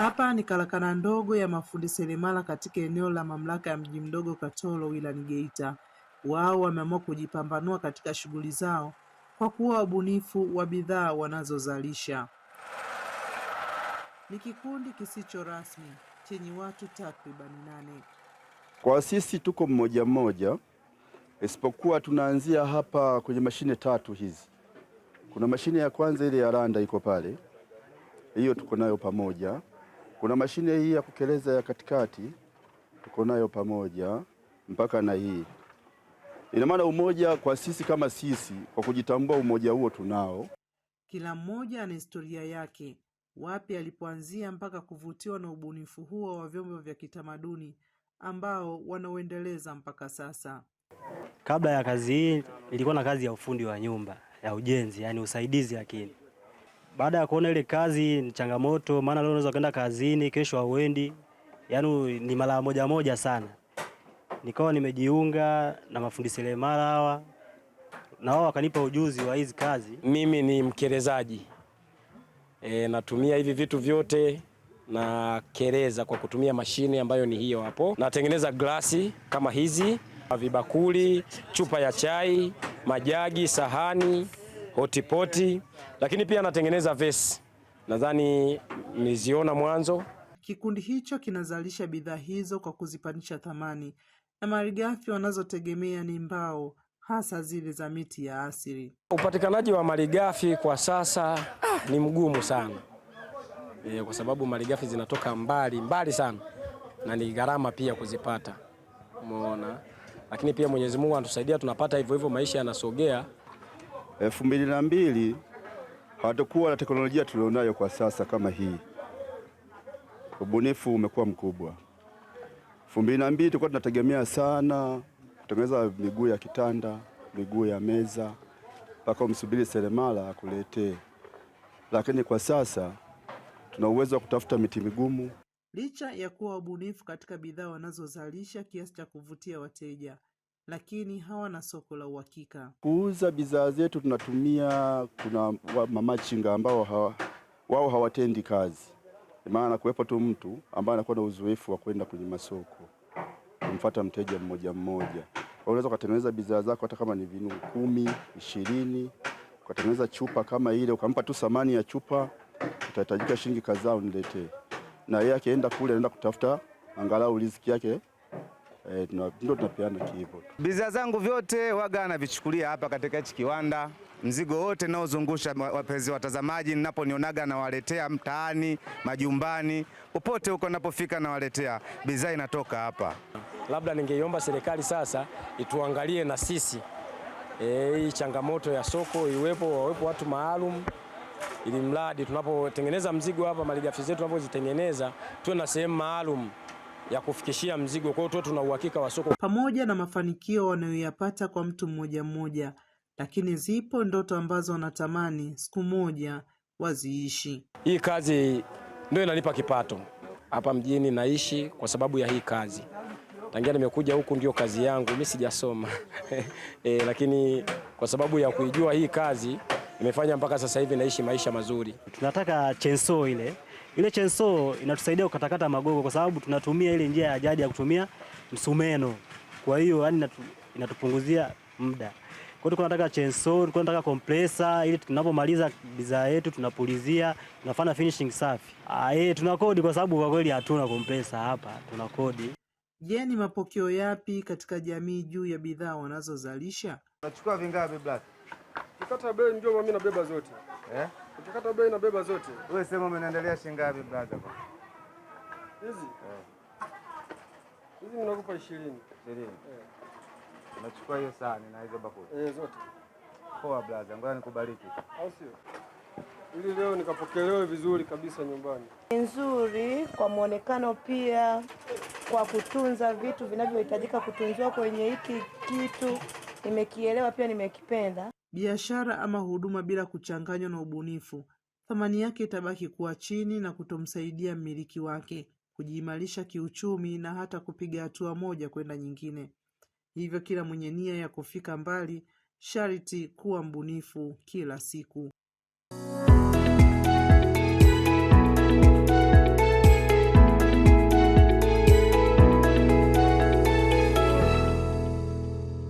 Hapa ni karakana ndogo ya mafundi seremala katika eneo la mamlaka ya mji mdogo Katoro wilayani Geita. Wao wameamua kujipambanua katika shughuli zao kwa kuwa wabunifu wa bidhaa wanazozalisha. Ni kikundi kisicho rasmi chenye watu takribani nane. Kwa sisi tuko mmoja mmoja, isipokuwa tunaanzia hapa kwenye mashine tatu hizi. Kuna mashine ya kwanza ile ya randa iko pale, hiyo tuko nayo pamoja kuna mashine hii ya kukeleza ya katikati tuko nayo pamoja mpaka na hii. Ina maana umoja kwa sisi kama sisi, kwa kujitambua, umoja huo tunao. Kila mmoja ana historia yake, wapi alipoanzia mpaka kuvutiwa na ubunifu huo wa vyombo vya kitamaduni ambao wanaoendeleza mpaka sasa. Kabla ya kazi hii, ilikuwa na kazi ya ufundi wa nyumba ya ujenzi, yani usaidizi, lakini baada ya kuona ile kazi ni changamoto, maana leo unaweza kwenda kazini, kesho hauendi, yaani ni mara moja moja sana. Nikawa nimejiunga na mafundi seremala hawa, na wao wakanipa ujuzi wa hizi kazi. Mimi ni mkerezaji e, natumia hivi vitu vyote na kereza kwa kutumia mashine ambayo ni hiyo hapo. Natengeneza glasi kama hizi, vibakuli, chupa ya chai, majagi, sahani hotipoti, lakini pia anatengeneza vesi, nadhani niziona mwanzo. Kikundi hicho kinazalisha bidhaa hizo kwa kuzipandisha thamani, na malighafi wanazotegemea ni mbao, hasa zile za miti ya asili. Upatikanaji wa malighafi kwa sasa ni mgumu sana e, kwa sababu malighafi zinatoka mbali mbali sana na ni gharama pia kuzipata, umeona. Lakini pia Mwenyezi Mungu anatusaidia, tunapata hivyo hivyo, maisha yanasogea elfu mbili na mbili hatukuwa na teknolojia tulionayo kwa sasa kama hii. Ubunifu umekuwa mkubwa. elfu mbili na mbili tulikuwa tunategemea sana kutengeneza miguu ya kitanda, miguu ya meza, mpaka umsubiri seremala akuletee, lakini kwa sasa tuna uwezo wa kutafuta miti migumu. Licha ya kuwa wabunifu katika bidhaa wanazozalisha kiasi cha kuvutia wateja lakini hawana soko la uhakika. Kuuza bidhaa zetu tunatumia, kuna mamachinga ambao hawa, wao hawatendi kazi, maana kuwepo tu mtu ambaye anakuwa na uzoefu wa kwenda kwenye masoko kumfata mteja mmoja mmoja. Unaweza ukatengeneza bidhaa zako hata kama ni vinu kumi ishirini, ukatengeneza chupa kama ile, ukampa tu samani ya chupa, utahitajika shilingi kadhaa uniletee, na yeye akienda kule anaenda kutafuta angalau riziki yake E, ndio tunapeana hivyo. Bidhaa zangu vyote waga anavichukulia hapa katika hichi kiwanda. Mzigo wote naozungusha, wapenzi watazamaji, ninaponionaga nawaletea mtaani, majumbani, popote huko napofika nawaletea bidhaa, inatoka hapa. Labda ningeiomba serikali sasa ituangalie na sisi eh, hii e, changamoto ya soko iwepo, wawepo watu maalum ili mradi tunapotengeneza mzigo hapa, malighafi zetu tunapozitengeneza tuwe na sehemu maalum ya kufikishia mzigo. Kwa hiyo tuna uhakika wa soko pamoja na mafanikio wanayoyapata kwa mtu mmoja mmoja, lakini zipo ndoto ambazo wanatamani siku moja waziishi. Hii kazi ndio inanipa kipato hapa mjini, naishi kwa sababu ya hii kazi. Tangia nimekuja huku ndio kazi yangu, mimi sijasoma e, lakini kwa sababu ya kuijua hii kazi imefanya mpaka sasa hivi naishi maisha mazuri. Tunataka chenso ile ile chenso inatusaidia kukatakata magogo kwa sababu tunatumia ile njia ya jadi ya kutumia msumeno. Kwa hiyo yani inatupunguzia muda. Kwa hiyo tunataka chenso, tunataka compressor ili tunapomaliza bidhaa yetu tunapulizia, tunafanya finishing safi. Ah, eh tuna kodi kwa sababu kwa kweli hatuna compressor hapa, tuna kodi. Je, ni mapokeo yapi katika jamii juu ya bidhaa wanazozalisha? Unachukua vingapi black? Ukata bei njoo mimi nabeba zote. Eh? Ukikata bei inabeba zote. Wewe sema umeendelea shilingi ngapi brother? Hizi? Eh. Hizi mnakupa 20. 20. Eh. Unachukua hiyo sahani na hizo bakuli. Eh, zote. Poa brother, ngoja nikubariki. Au sio? Ili leo nikapokelewe vizuri kabisa nyumbani. Nzuri kwa muonekano pia kwa kutunza vitu vinavyohitajika kutunzwa kwenye hiki kitu nimekielewa, pia nimekipenda biashara ama huduma bila kuchanganywa na ubunifu, thamani yake itabaki kuwa chini na kutomsaidia mmiliki wake kujiimarisha kiuchumi na hata kupiga hatua moja kwenda nyingine. Hivyo kila mwenye nia ya kufika mbali sharti kuwa mbunifu kila siku.